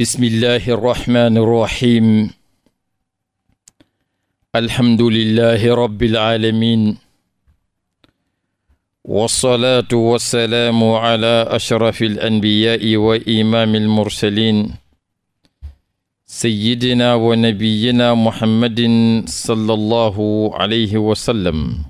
bismillahi irrahmani irrahim alhamdulilahi rabiilalamin walsalaatu walsalaamu ala ashrafi alanbiyaai wa imaami almursalin sayidina wa nabiyina muhammadin sallallahu alayhi wa sallam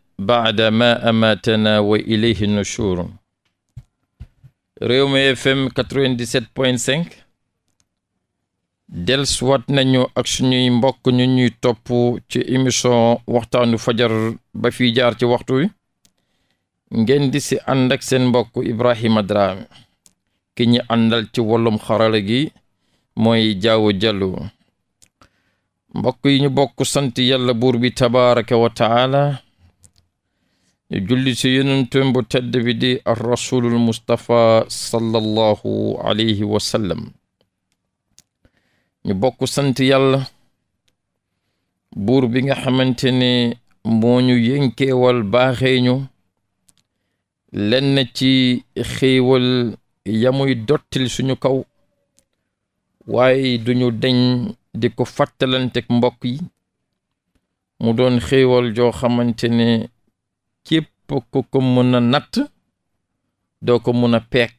baada ma amatana wa ilayhi nushur Rewmi FM 97.5 delswat nañu ak suñuy mbokk ñu ñuy topp ci émission waxtaanu fajar ba fi jaar ci waxtu wi ngeen di si ànd ak seen mbokk Ibrahima Drame ki ñi àndal ci wàllum xarala gi mooy jaawo jallu mbokk yi ñu bokk sant yàlla buur bi tabaraka E, julli ci yonentam bu tedd bi di ar sallallahu alayhi wa ñu bokk sant yàlla buur bi nga xamante ne moo ñu yënkeewal baaxee ñu ci xéewal yamuy dottil suñu kaw waaye duñu deñ di ko fàttalantek mbokk yi mu doon xéewal joo xamante ne képp ko ko mën a natt doo ko mën a peek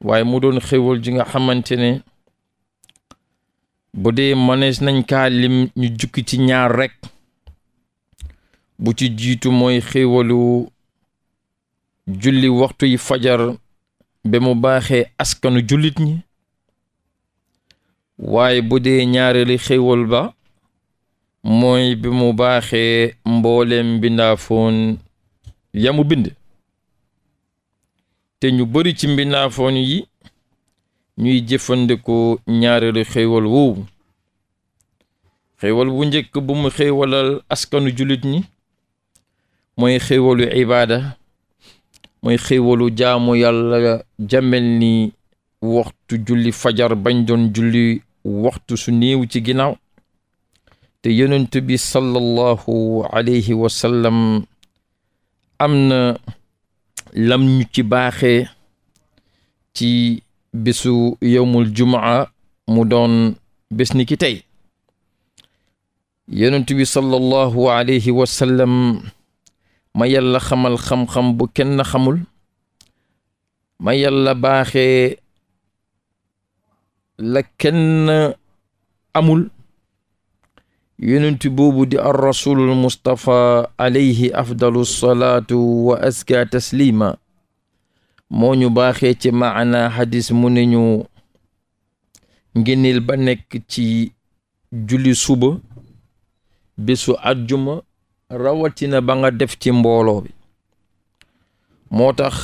waaye mu doon xéwal ji nga xamante ne bu dee mënees nañ kaa lim ñu jukki ci ñaar rekk bu ci jiitu mooy xéwalu julli waxtu yi fajar ba mu baaxee askanu jullit ñi waaye bu dee ñaareeli xéwal ba mooy bi mu baaxee mbooleem mbindaafoon yamu bind te ñu bari ci mbindaafoon yi ñuy jëfandikoo ñaareelu xéewal woowu xéewal bu njëkk bu mu xéewalal askanu jullit ñi mooy xéewalu ibaada mooy xéewalu jaamu yàlla jamel ni waxtu julli fajar bañ doon julli waxtu su néew ci ginnaaw te yonent bi sallallahu alayhi wa sallam am na lam ñu ci baaxee ci bésu yowmul jumaa mu doon bés ki tey yonent bi sallallahu alayhi wa sallam ma yàlla xamal xam-xam bu kenn xamul ma yàlla baaxee la kenn amul yonent boobu di ar mustafa mustapha afdalu salaatu wa aska taslima moo ñu baaxee ci maana hadis mu ne ñu ngenil ba nekk ci julli suba bésu àjjuma rawatina ba nga def ci mbooloo bi moo tax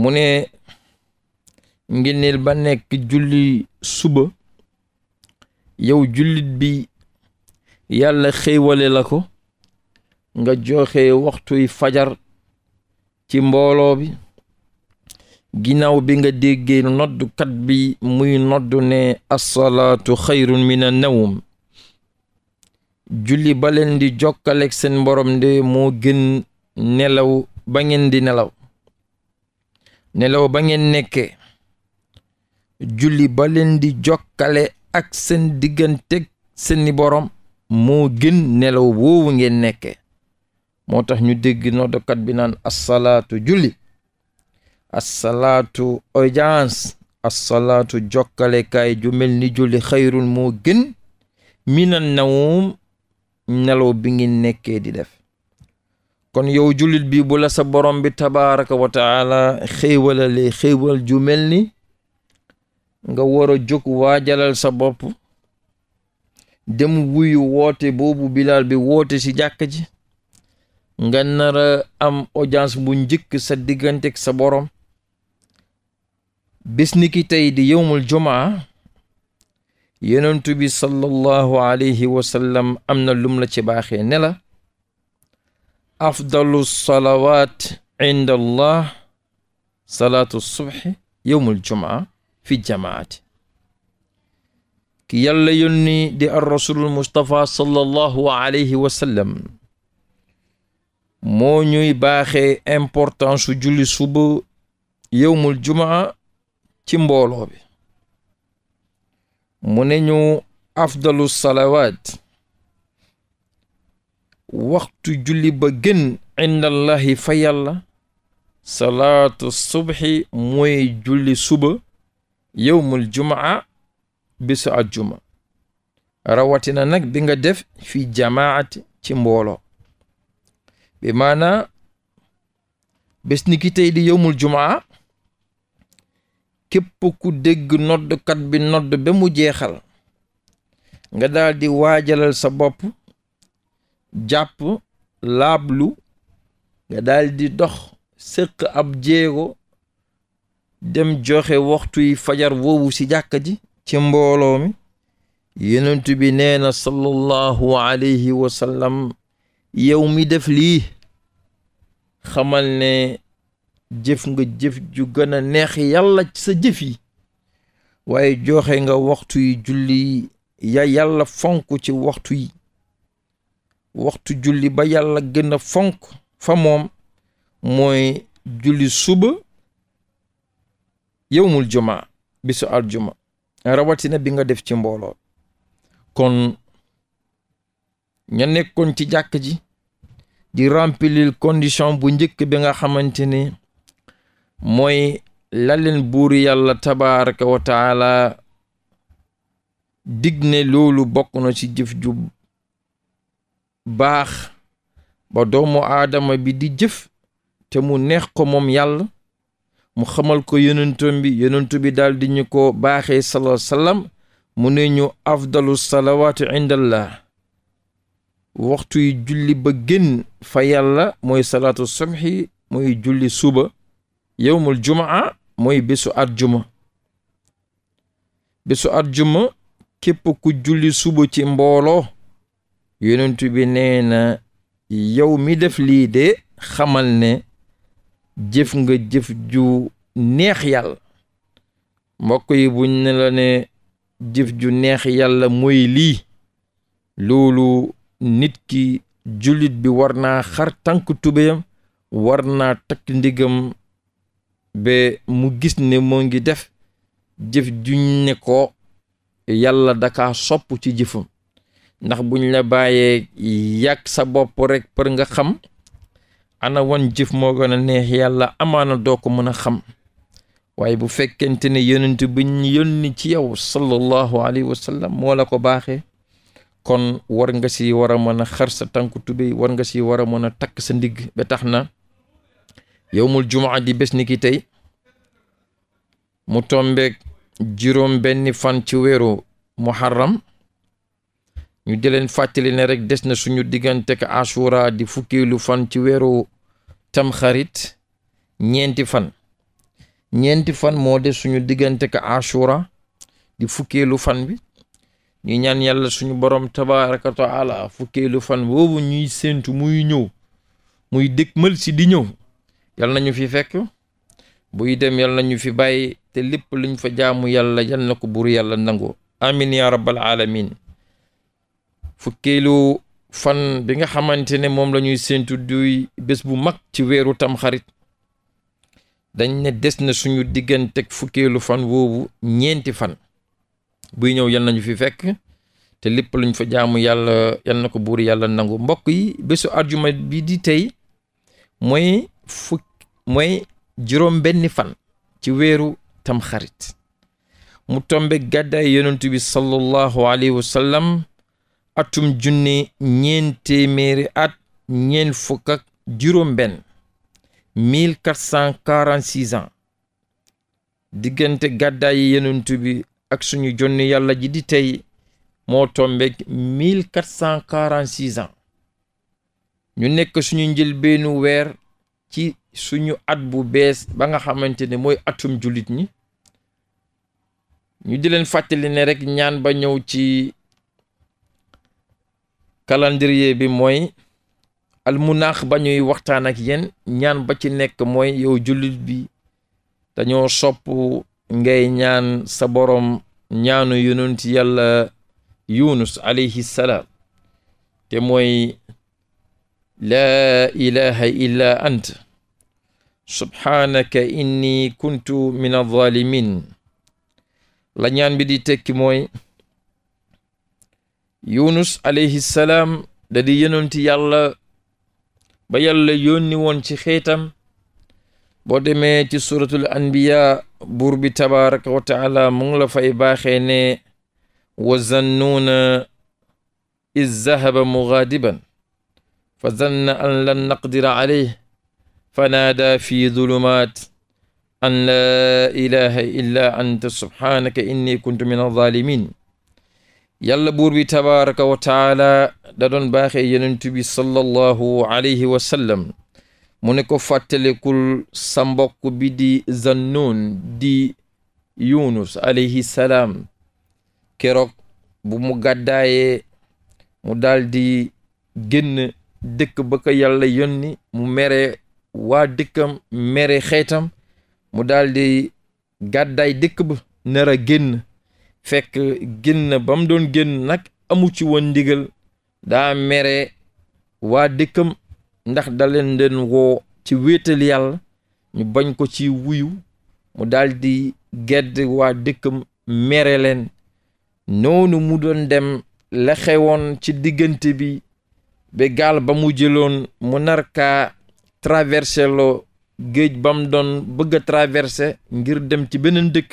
mu ne ngenil ba nekk julli suba yow jullit bi yàlla xéewale la ko nga joxe waxtuy fajar ci mbooloo bi ginnaaw bi nga déggee noddukat bi muy noddu ne assalaatu xayrun min annawm julli ba leen di jokkaleeg seen borom de moo gën nelaw ba ngeen di nelaw nelaw ba ngeen nekkee julli ba leen di jokkale ak seen digganteeg seeni boroom moo gën nelaw woowu ngeen nekkee moo tax ñu dégg noddokat bi naan assalaatu julli assalaatu audience assalaatu jokkalekaay ju mel ni julli xayrul moo gën minan nawum nelaw bi ngeen nekkee di def kon yow jullit bi bu la sa borom bi tabaraka wa taala xéewalalee xéewal ju mel ni nga war a jóg waajalal sa bopp dem wuyu woote boobu bilaal bi woote ci jàkk ji nga nara am audience bu njëkk sa diggante ak sa borom bis tey di yowmul jumaa yonentu bi sallallahu alayhi wa am na lum la ci baaxee ne la afdalu salawaat inda salaatu subhi yowmul jumaa fi jamaati ki yàlla yónni di ar rasulul mustapha alayhi wa moo ñuy baaxe importance su julli suba yowmul jumaa ci mbooloo bi mu ne ñu afdalu salawaat waxtu julli ba gën indallahi fa yàlla salaatu subhi mooy julli suba yowmul jumaa bisu ajjuma rawatina nag bi def fi jamaati ci mbooloo bi maanaa bés ni tey di yowmul jumaa képp ku dégg noddkat bi nodd ba mu jeexal nga daldi waajalal sa bopp jàpp laablu nga daal dox sëq ab jéego dem joxe yi fajar woowu ci jàkka ji ci mbooloo mi yonent bi neena na sallallahu alayhi wa sallam yow mi def lii xamal ne jëf nga jëf ju gën a neex yàlla sa jëf waaye joxe nga waxtu yi julli ya yàlla fonk ci waxtu yi waxtu julli ba yàlla gën a fa moom mooy julli suba yowmul juma bisu aljuma rawatina bi nga def ci mbooloo kon ña nekkoon ci jàkk ji di remplir condition bu njëkk bi nga xamante ni mooy la leen yàlla tabaraka wa taala loolu bokk na ci jëf ju baax ba doomu aadama bi di jëf te mu neex ko moom yàlla mu xamal ko yonentam bi yonentu bi daal ñu ko baaxee salaa sallam mu ne ñu afdalu salawaatu indallah waxtuy julli ba gën fa yàlla mooy salaatu subhi mooy julli suba yowmul jumaa mooy bésu àjjuma bésu àjjuma képp ku julli suba ci mbooloo yonentu bi nee na yow mi def lii de xamal ne jëf nga jëf ju neex yàlla mbokk yi buñ ne la ne jëf ju neex yàlla mooy lii loolu nit ki jullit bi war naa xar tànk tubéyam war naa takk ndigam ba mu gis ne moo ngi def jëf juñ ne ko yàlla dakaa sopp ci jëfam ndax buñ la bàyyee yàq sa bopp rekk për nga xam ana wan jëf moo gën neex yàlla amaana doo ko mën a xam waaye bu fekkente ne yonent bi ñu ci yow sallallahu alayhi wa sallam ko baaxee kon war nga si war a mën a xar sa tànku war nga si war a mën a takk sa ndigg ba tax na yowmul jumaa di bés ni ki tey mu tombek juróom benni fan ci weeru muharram ñu di leen fàttali ne rek des na suñu diggante ak asura di fukkeelu fan ci weeru tamxarit ñeenti fan ñeenti fan moo des suñu diggante ak asura di fukkeelu fan bi ñu ñaan yàlla suñu borom tabaraka wa taala fukkeelu fan boobu ñuy séentu muy ñëw muy mël si di ñëw yàlla nañu fi fekk buy dem yàlla nañu fi bàyyi te lépp luñ fa jaamu yàlla yal na ko buur yàlla nangoo amin ya rabbal alamin fukkeelu fan bi nga xamante ne moom lañuy ñuy séentu bés bu mag ci weeru tamxarit dañ ne des na suñu digganteeg fukkeelu fan woowu ñeenti fan buy ñëw yal nañu fi fekk te lépp luñ fa jaamu yàlla yal na ko buur yàlla nangu mbokk yi bésu arjuma bi di tey moy fukk mooy juróom benni fan ci weeru tamxarit mu tombe gàddaay yonentu bi sallallahu alayhi wa atum junne ñeen téeméeri at ñeen fukk juróom benn 1446 ans diggante gàddaay yi bi ak suñu jonni yàlla ji di tey moo tombeeg 1446 ans ñu nekk suñu njëlbeenu weer ci suñu at bu bees ba nga xamante ne mooy atum jullit ñi ñu di leen fàttali ñaan ba ñëw ci calendrier bi mooy almunaax ba ñuy waxtaan ak yéen ñaan ba ci nekk mooy yow jullit bi dañoo sopp ngay ñaan sa borom ñaanu yonent yàlla yunus alayhi salaam te mooy laa ilaha illa ant subhaanaka inni kuntu min adh-dhalimin bi di tekki mooy yunus alayhi salaam da di yonenti yàlla ba yàlla yónni woon ci xeetam boo demee ci suratul anbiya buur bi tabaraka wa taala mu ngi la fay baaxee ne wa zannuuna iz zahaba mugaadiban fa zanna an lan naqdira alayh fa naada fi dulumaat an laa ilaha illa anta subhaanaka inni kuntu min alzalimin yàlla buur bi tabaraka wa baaxe da doon baaxee yenentu bi sallallahu alayhi wa sallam mu ne ko fàttalekul sa mbokk bi di Zannun di Yunus alayhi salaam keroog bu mu gàddaayee mu daldi génn dëkk ba ko yàlla yónni mu mere waa dëkkam mere xeetam mu daldi gàddaay dëkk ba nar a génn fekk génn ba mu doon génn nag amu ci woon ndigal daa mere waa dëkkam ndax da leen den woo ci wéetal yàlla ñu bañ ko ci wuyu mu daldi gedd waa dëkkam mere leen noonu mu doon dem la xewoon ci diggante bi ba gaal ba mu jëloon mu narkaa traversé loo géej ba mu doon bëgg a traversé ngir dem ci beneen dëkk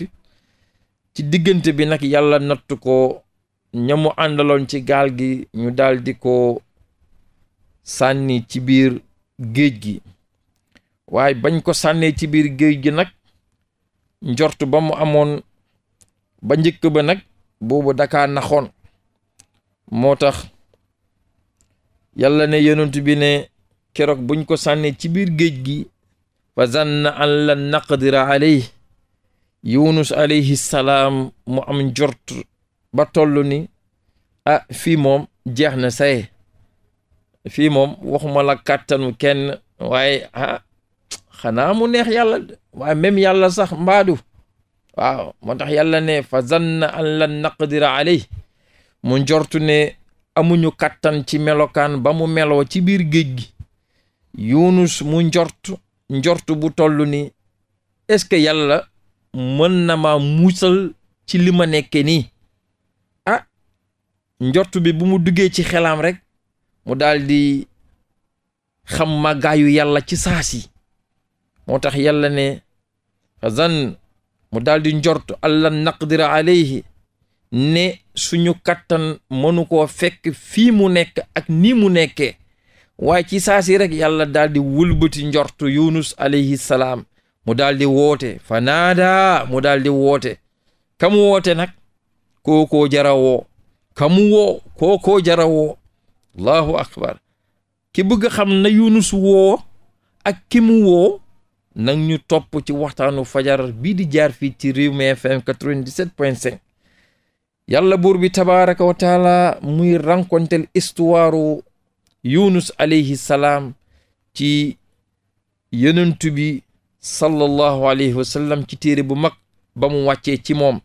ci diggante bi nag yàlla natt ko ñamu àndaloon ci gaal gi ñu daldi ko sànni ci biir géej gi waaye bañ ko sànnee ci biir géej gi nag njort ba mu amoon ba njëkk ba nag boobu daka naxoon moo tax yàlla ne yonent bi ne keroog buñ ko sànnee ci biir géej gi fa zanna an lan naqdira yunus alayhi salaam mu am njort ba toll ni ah fii moom jeex na say fii moom waxuma la kàttanu kenn waaye ah xanaa mu neex yàlla waaye même yàlla sax mbaadu waaw moo tax yàlla ne fa zanna an lan naqdira mu njortu ne amuñu kàttan ci melokaan ba mu meloo ci biir géej gi yunus mu njort njort bu toll ni est-ce mën na ma musal ci li ma nekke ni ah njort bi bu mu duggee ci xelam rek mu daldi xam màggaayu yàlla ci saasi moo tax yàlla ne xazan mu daldi njortu njort allah naqdira alayhi ne suñu kattan mënu ko fekk fii mu nekk ak nii mu nekkee waaye ci saasi rek yàlla daldi wulbuti njortu njort yunus alayhi salaam mu daal di woote fanaada mu daal di woote kam woote nag kookoo jara woo kamu woo kookoo jara woo allahu akbar ki bëgg xam na yunus woo ak ki woo nag ñu topp ci waxtaanu fajar bii di jaar fii ci Rewmi FM 97.5 yàlla buur bi tabaraka wa taala muy rencontel histoire yunus alayhi salaam ci yenentu bi sallallahu alayhi wa sallam ci téere bu mag ba mu wàccee ci moom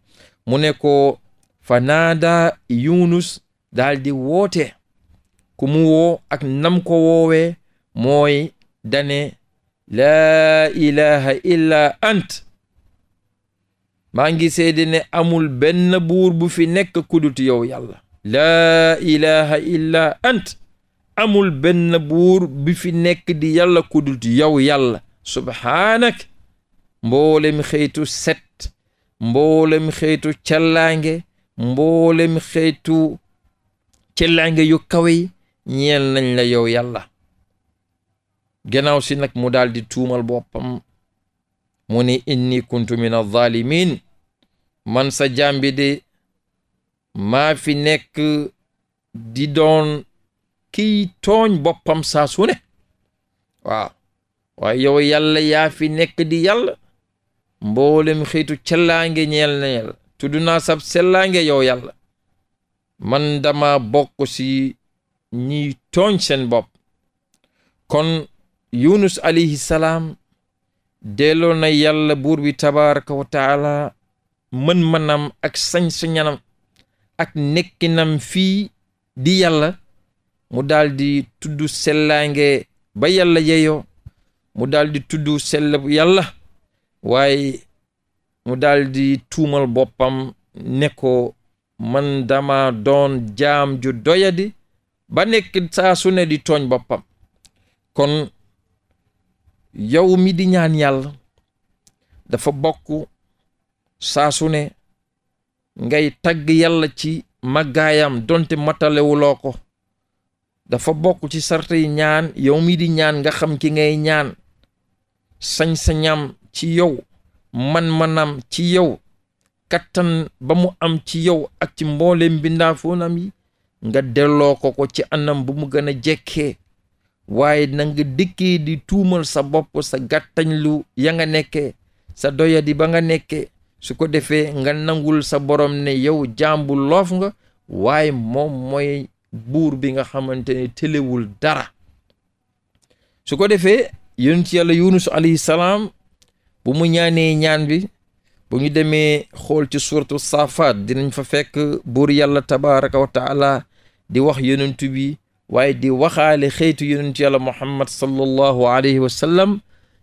mu ne ko fanaada yunus daal di woote ku mu woo ak nam ko woowee mooy dane laa ilaha illa ant maa ngi seede ne amul benn buur bu fi nekk kudut yow yàlla laa ilaha illa ant amul benn buur bi fi nekk di yàlla kudut yow yàlla subhaanak mboolem xeetu set mboolem xeetu callaange mboolem xeetu callaange yu kawe yi ñeel nañ la yow yàlla gannaaw si nag mu daldi tuumal boppam mu ni inni kuntu min alzaalimin man sa jàmbi de maa fi nekk di doon kiy tooñ boppam saa waaw waa yow yàlla yaa fi nekk di yàlla mboolem xeetu cellaange ñeel na yàlla tudd sab sellaange yow yàlla man dama bokk ci ñiy tooñ seen bopp kon yunus alayhi salaam delloo na yàlla buur bi tabaraka wa mën-mënam ak sañ-sañanam ak nekkinam fi di yàlla mu daldi tudd sellaange ba yàlla yeyoo mu daldi di tudd sell yàlla waaye mu daldi tuumal boppam ne ko man dama doon jaam ju doyadi ba nekk saa ne di tooñ boppam kon yow mi di ñaan yàlla dafa bokk saa ne ngay tagg yàlla ci màggaayam donte matalewuloo ko dafa bokk ci sarta yi ñaan yow mi di ñaan nga xam ki ngay ñaan sañ-sañam ci yow man-manam ci yow kattan bamu am ci yow ak ci mbooleem mbindaafoonam yi nga delloo ko ko ci anam bu mu gën jekke waaye na nga dikkee di tuumal sa bopp sa gàttañ lu ya nga nekkee sa doyadi ba nga nekkee su ko defee nga nangul sa borom ne yow jàmbu loof nga waaye moom mooy buur bi nga xamante ne tëlewul dara su defee yonent yàlla yunus alayhi salaam bu mu ñaanee ñaan bi bu ñu demee xool ci suuratu saafaat dinañ fa fekk buur yàlla tabaraka wa di wax yonentu bi waaye di waxaale xëytu yonentu yàlla muhammad sallallahu alayhi wa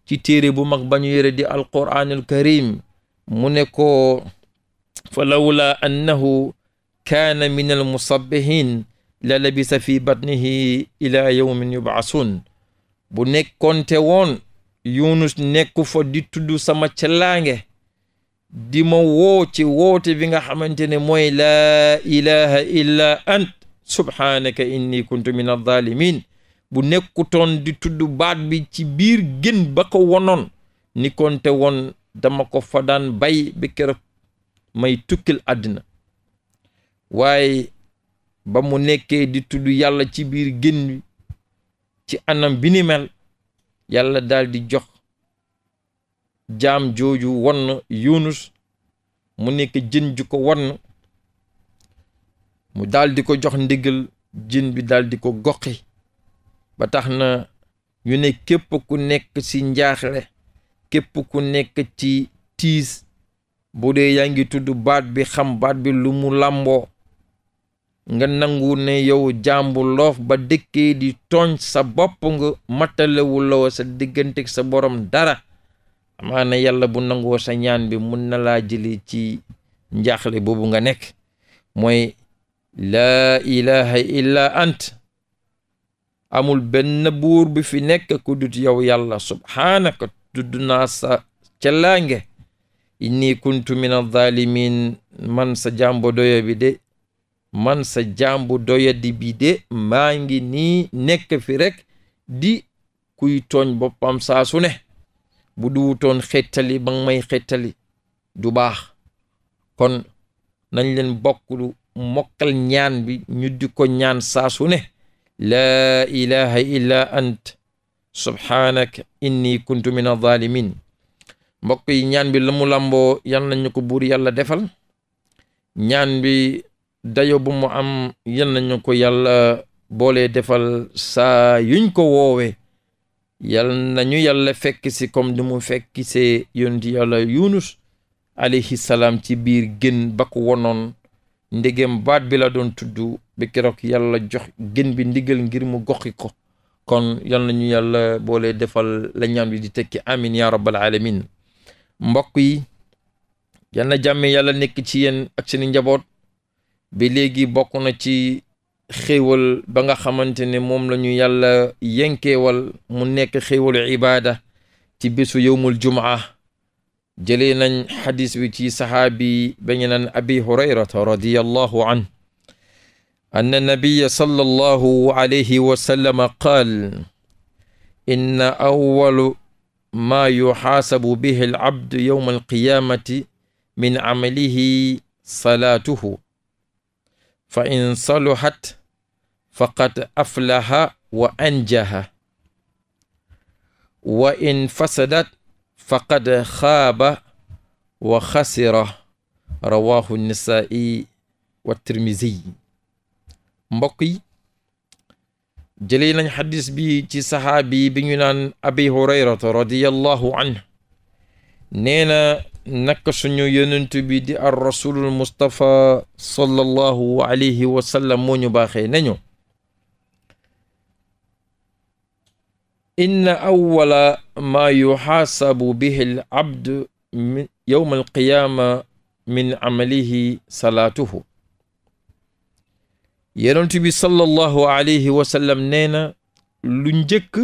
ci téere bu mag ba ñu yore di alquraanul karim mu ne ko fa lawla annahu kaana min almusabbihin la labisa fi batnihi ila yawmin yub'asun bu nekkonte woon yunus nekku fa di tudd sama cellaange di ma woo ci woote bi nga xamante ne mooy laa ilaha illa ant subhanaka inni kuntu min adh-dhalimin bu nekkutoon di tudd baat bi ci biir gën ba ko woon dama ko fa daan bay bi keroog may tukkil àddina waaye ba mu nekkee di tudd yàlla ci biir gën bi ci anam bi ni mel yàlla daal jox jaam jooju wonn yunus mu nekk jën ju ko wonn mu daldi ko jox ndigal jën bi daldi ko goqi ba tax na ñu ne képp ku nekk ci njaaxle képp ku nekk ci tiis bu dee yaa ngi tudd baat bi xam baat bi lu mu làmboo nga nangu ne yow jàmbu loof ba dëkkee di tooñ sa bopp nga mattalewuloo sa diggante sa borom dara amaana yàlla bu nangoo sa ñaan bi mun na laa jëlee ci njaaxle boobu nga nekk mooy laa ilaha illa ant amul benn buur bi fi nekk ku dut yow yàlla subhaanaka tudd naa sa cellaange inni kuntu min adh-dhalimin man sa jàmbo doyo bi de man sa jaambu doyadi bi de maa ngi nii nekk fi rek di kuy tooñ boppam saa bu duwutoon xettali ba nga may xettali du baax kon nañ leen bokk mokkal ñaan bi ñu ko ñaan saa su laa ilaha illa ant subhaanaka inni kuntu min adh-dhalimin mbokk yi ñaan bi la ko buur yàlla defal ñaan bi dayo bu mu am yan nañu ko yàlla boolee defal saa yuñ ko woowe yal nañu yàlla fekk si comme du mu fekk see yonti yàlla yunus alayhi salaam ci biir gën ba ko wonoon ndegem baat bi la doon tudd bi keroog yàlla jox gën bi ndigal ngir mu goxi ko kon yal nañu yàlla boole defal la di tekki amin ya rabbal alamin mbokk yi yal na jàmme yàlla nekk ci yéen ak seeni njaboot ba léegi bokk na ci xéewal ba nga xamante ne moom la ñu yàlla yenkeewal mu nekk xéewalu ibaada ci bésu yowmul jumaa jëlee nañ xadis bi ci saxaabi ba ñu naan abi hurayrata radiyallahu an anna nabiya alayhi wa qaal inna awwalu maa yuxaasabu bihi al abdu yowma min amalihi salaatuhu fa in saluhat faqad aflaha wa anjaha wa in fasadat faqad xaaba wa xasira rawahu nisaa'i wa tirmisiy mbokk yi jëlee nañ xadis bi ci saxaabi bi ñu naan abi hurayrata radiallahu anhu nee na naka suñu yonent bi di ar rasulul mustapha sallallahu alayhi wa sallam moo ñu baaxee nañu inna awwala maa yuxaasabu bihi al abdu min yowma alqiyaama min amalihi salaatuhu yonent bi sallallahu alayhi wa sallam nee na lu njëkk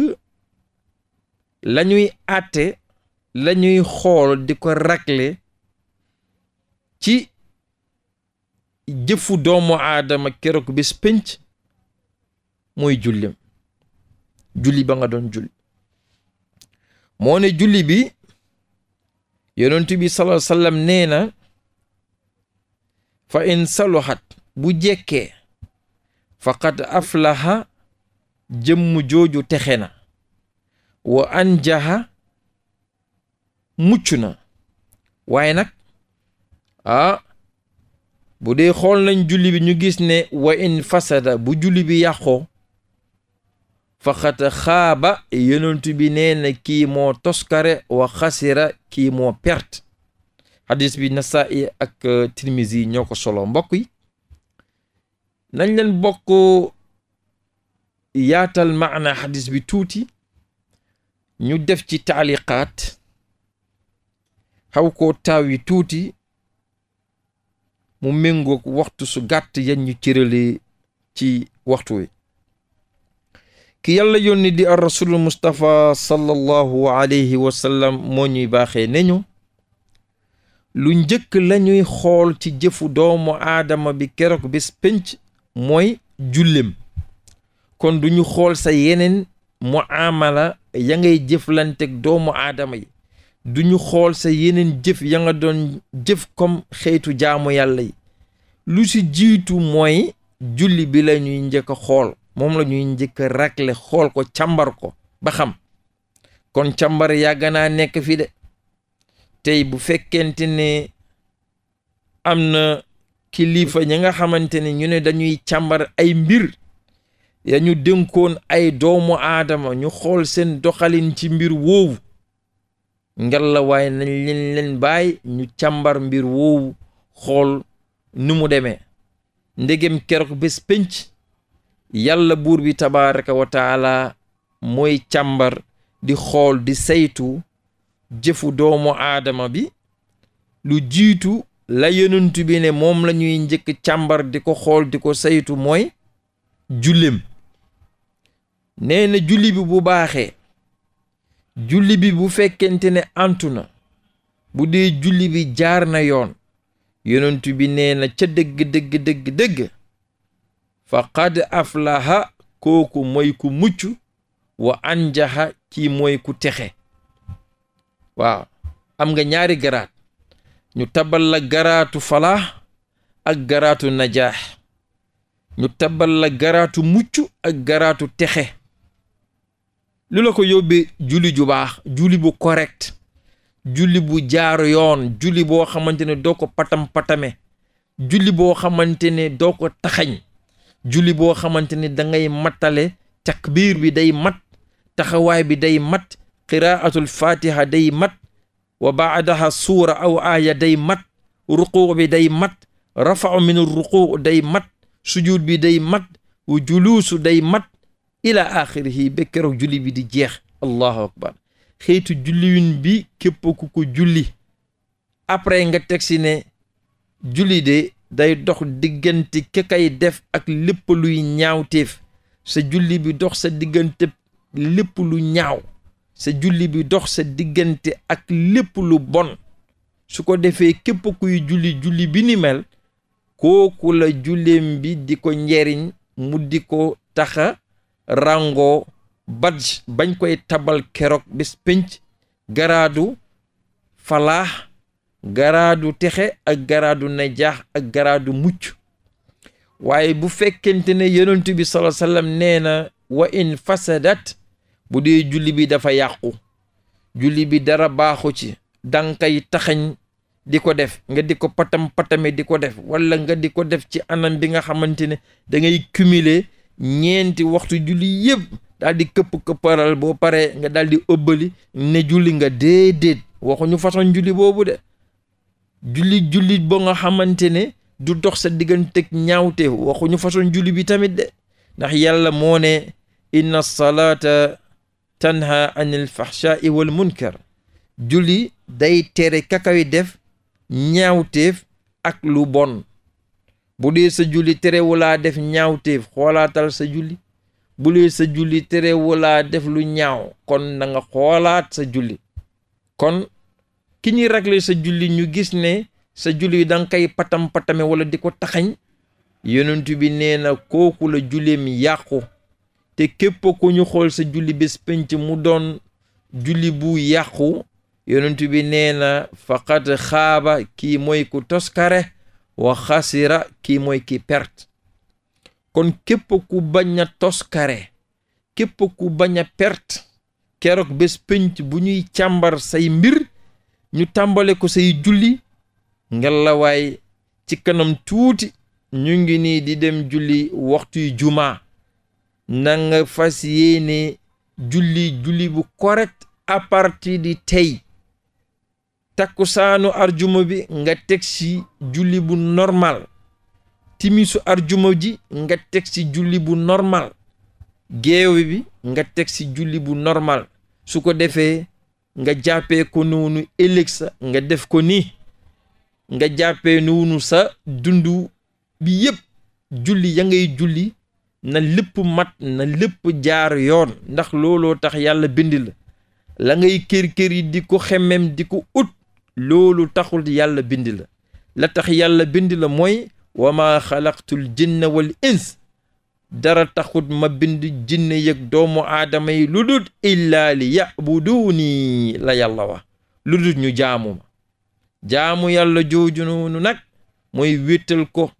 la ñuy lañuy xool di ko régler ci jëfu doomu aadama keroog bis pénc mooy jullim julli ba nga doon julli moo ne julli bi yonent bi sallallahu alayhi wasallam nee na fa in saluhat bu jekkee faqad aflaha jëmm jooju texe na wa anjaha mucc na waaye nag ah bu dee xool nañ julli bi ñu gis ne wa in fasada bu julli bi yàqoo faqat xaaba yonent bi nee na kii toskare wa xasira kii moo perte hadis bi Nasaa'i ak euh, Tirmizi ñoo ko solo mbokk yi nañ leen bokk yaatal maana hadis bi tuuti ñu def ci taaliqaat xaw koo taaw yi tuuti mu méngoog waxtu su gàtt yan ñu cëralee ci waxtu wi ki yàlla yónni di ar mustafa mustapha sallallahu alayhi moo ñuy baaxee nañu lu njëkk lañuy xool ci jëfu doomu aadama bi keroog bis pénc mooy jullem kon duñu xool sa yeneen muamala ya ngay jëflanteeg doomu aadama yi du ñu xool sa yeneen jëf ya nga doon jëf comme xeetu jaamu yàlla yi lu ci jiitu mooy julli bi la ñuy njëkk a xool moom la ñuy njëkk a racle xool ko càmbar ko ba xam kon càmbar yàgg naa nekk fi de tey bu fekkente ne am na kilifa ñi nga xamante ne ñu ne dañuy càmbar ay mbir ya ñu dénkoon ay doomu aadama ñu xool seen doxalin ci mbir woowu ngalla waaye nañ leen leen bàyyi ñu càmbar mbir woowu xool nu mu demee ndegem keroog bés pénc yàlla buur bi tabaraka wa taala mooy càmbar di xool di saytu jëfu doomu aadama bi lu jiitu la yonent bi ne moom la ñuy njëkk càmbar di ko xool di ko saytu mooy jullem nee na bi bu baaxee julli bi bu fekkente ne antu na bu dee julli bi jaar na yoon yonentu bi neena ca dëgg dëgg dëgg dëgg faqad aflaha kooku mooy ku mucc wa anjaha kii mooy ku texe waaw am nga ñaari garaat ñu tabal la garaatu falaa ak garaatu najaax ñu tabal la garaatu mucc ak garaatu texe lu ko yóbbee julli ju baax julli bu correct julli bu jaar yoon julli boo xamante ne doo ko patam julli boo xamante ne doo ko taxañ julli boo xamante ne da ngay mattale takbiir bi day mat taxawaay bi day matt qiraatul fatiha day mat wa baadaha suura aw aaya day mat ruquu bi day mat rafau min day mat sujuud day mat wa day mat ila axirihi ba keroog julli bi di jeex allahu akbar xëytu julliwin bi képp ko julli après nga teg si ne julli de day dox diggante ki kay def ak lépp luy ñaawteef sa julli bi dox sa diggante lépp lu ñaaw sa julli bi dox sa diggante ak lépp lu bon su ko defee képp kuy julli julli bi ni mel kooku la julleem bi di ko njariñ mu di ko taxa rango badge bañ koy tabal keroog bés pénc garaadu falaax garaadu texe ak garaadu najaax ak garaadu mucc waaye bu fekkente ne yonent bi sallallahu alayhi nee na wa in fasadat bu di julli bi dafa yàqu julli bi dara baaxu ci dankay taxañ di ko def nga di ko patam patame di ko def wala nga di ko def ci anam bi nga xamante ne da ngay cumuler ñeenti waxtu julli yëpp daal di këpp-këpparal bo pare nga daal di ëbbali ne julli nga déedéet waxuñu façon julli boobu de julli julli ba nga xamante ne du dox sa digganteeg ñaawte waxuñu façon julli bi tamit de ndax yàlla moone ne inna salaata tanha anil fahshaai wal munkar julli day tere kakawi def ñaawteef ak lu bon bu dee sa julli wulaa def ñaawteef xoolaatal sa julli bu dee sa julli terewulaa def lu ñaaw kon nanga xoolaat sa julli kon ki ñuy ragle sa julli ñu gis ne sa julli da nga patam-patame wala di ko taxañ yonent bi neena kooku la julleem yàqu te képp ku ñu xool sa julli bés penc mu doon julli bu yàqu yonent bi nee na faqat xaaba kii mooy ku toskare wa xasira kii mooy ki perte kon képp ku bañ toskare képp ku bañ a perte keroog bés pénc bu ñuy càmbar say mbir ñu tàmbale ko say julli ngelawaay ci kanam tuuti ñu ngi nii di dem julli waxtuy jumaa na nga fas yéene julli julli bu correct à di tey takkusaanu arjuma bi nga teg ci julli bu normal timisu arjuma ji nga teg ci julli bu normal géewe bi nga teg ci julli bu normal su ko defee nga jàppee ko noonu ëllëg sa nga def ko nii nga jàppee noonu sa dundu bi yépp julli ya ngay julli na lépp mat na lépp jaar yoon ndax looloo tax yàlla bind la la kër kër di ko xemem di ko ut loolu taxul yàlla bindi la la tax yàlla bindi la mooy wa maa xalaqtul jinna wal ins dara taxut ma bind jinne yëg doomu aadama yi lu dut illaa li la yàlla wa lu ñu jaamu ma jaamu yàlla jooju noonu nag mooy wéttal ko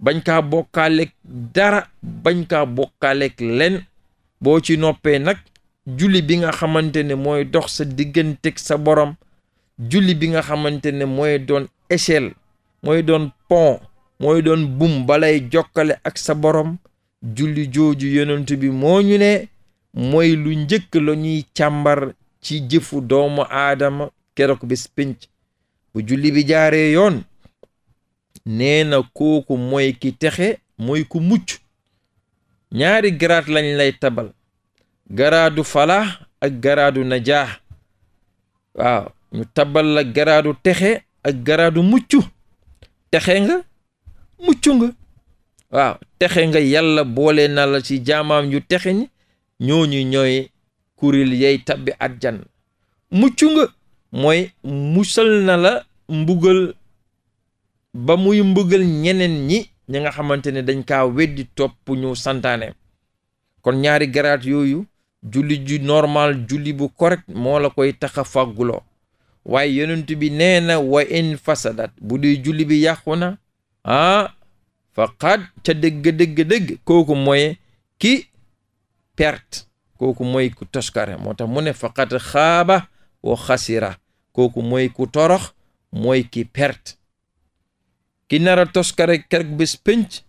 bañ kaa bokkaaleeg dara bañ kaa bokkaaleeg len boo ci noppee nag julli bi nga xamante ne mooy dox sa digganteeg sa borom julli bi nga xamante ne mooy doon échelle mooy doon pon mooy doon bum balay jokkale ak sa borom julli jooju yonent bi moo ñu ne mooy lu njëkk la ñuy càmbar ci jëfu doomu aadama keroog bis pénc bu julli bi jaare yoon nee na kooku mooy ki texe mooy ku mucc ñaari garaat lañ lay tabal garaadu falaax ak garaadu najaax waaw ñu tabal la garaadu texe ak garaadu mucc texe nga mucc nga waaw texe nga yàlla boole na la ci jaamaam yu texe ñi ñooñu ñooy kuréel yay tabbi jan mucc nga mooy musal na la mbugal ba muy mbugal ñeneen ñi ña nga xamante ne dañ kaa weddi topp ñu santaane kon ñaari garaad yooyu julli ju normal julli bu correct moo la koy tax a fàgguloo waaye yonent bi nee na wa in fasadat bu dee julli bi yàqu na ah faqad ca dëgg-dëgg-dëgg kooku mooy ki pert kooku mooy ku toskare moo tax mu xaaba wa xasira kooku mooy ku torox mooy ki perte ki nara toskare kerk bés pénc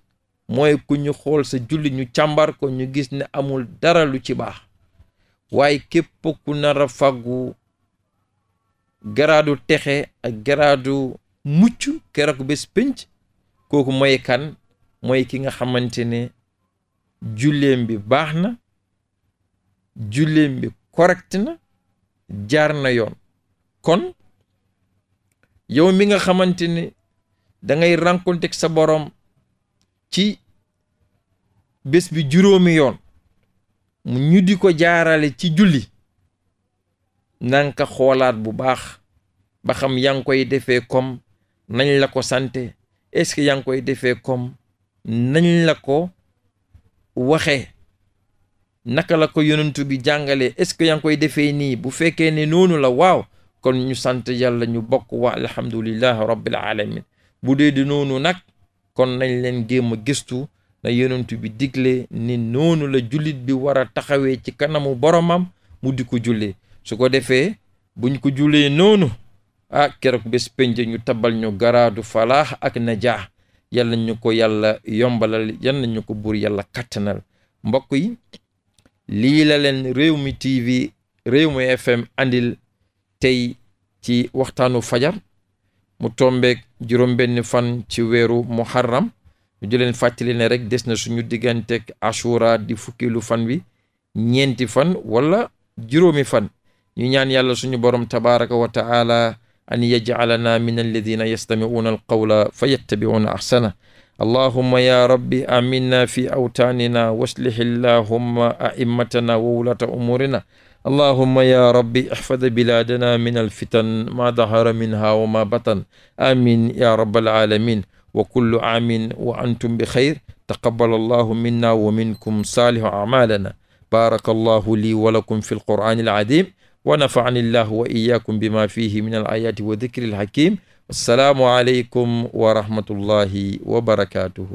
ku ñu xool sa julli ñu càmbar ko ñu gis ne amul dara lu ci baax waaye képp ku nara faggu garaadu texe ak garaadu mucc keroog bés pénc kooku mooy kan mooy ki nga xamante ne julleem baax na julleem bi correct na jaar na yoon kon yow mi nga xamante ne da ngay rencontre sa boroom ci bés bi juróomi yoon mu ñu di ko jaarale ci julli nanka xoolaat bu baax ba xam yaa ngi defee comme nañ la ko sante est-ce que yaa defee comme nañ la ko waxee naka la ko yonentu bi jàngale est-ce defee nii bu fekkee ne noonu la waaw kon ñu sant yàlla ñu bokk waa alhamdulillahi rabbil alamin bu dee di noonu nag kon nañ leen géem a gëstu na yonentu bi digle ni noonu la julit bi war a taxawee ci kanamu boromam mu di ko jullee su ko defee buñ ko julee noonu ah keroog bés penc ñu tabal ñu garaadu falaax ak najaax yàlla ñu ko yàlla yombalal yàlla ñu ko buur yàlla kattanal mbokk yi lii la leen réew mi TV réew mi FM andil tey ci waxtaanu fajar mu tombeek juróom-benn fan ci weeru muharram ñu di leen fàttali ne rek des na suñu digganteeg ashura di fukkilu fan wi ñeenti fan walla juróomi fan ñu ñaan yàlla suñu borom tabaraka wa taala an yajcalana min alladina yastamicuuna alqawla fa yattabicuuna axsana allahuma ya rabbi aminna fi awtaanina waslih allahumma aimmatana wa wulata umuurina allahuma ya rabbi ixfad bilaadana min alfitan ma dahara minha wa ma batan amin ya rabbal alamin wa kullu aamin wa antum bi xayr taqabbal allahu minna wa minkum saalihu acmaalana baaraka allahu lii wa lakum fi alqur'aani alcadiim wa nafaani llahu wa iyaakum bima fihi min al ayaati wa dikri al hakim assalaamu aleykum wa rahmatullahi wa barakatuhu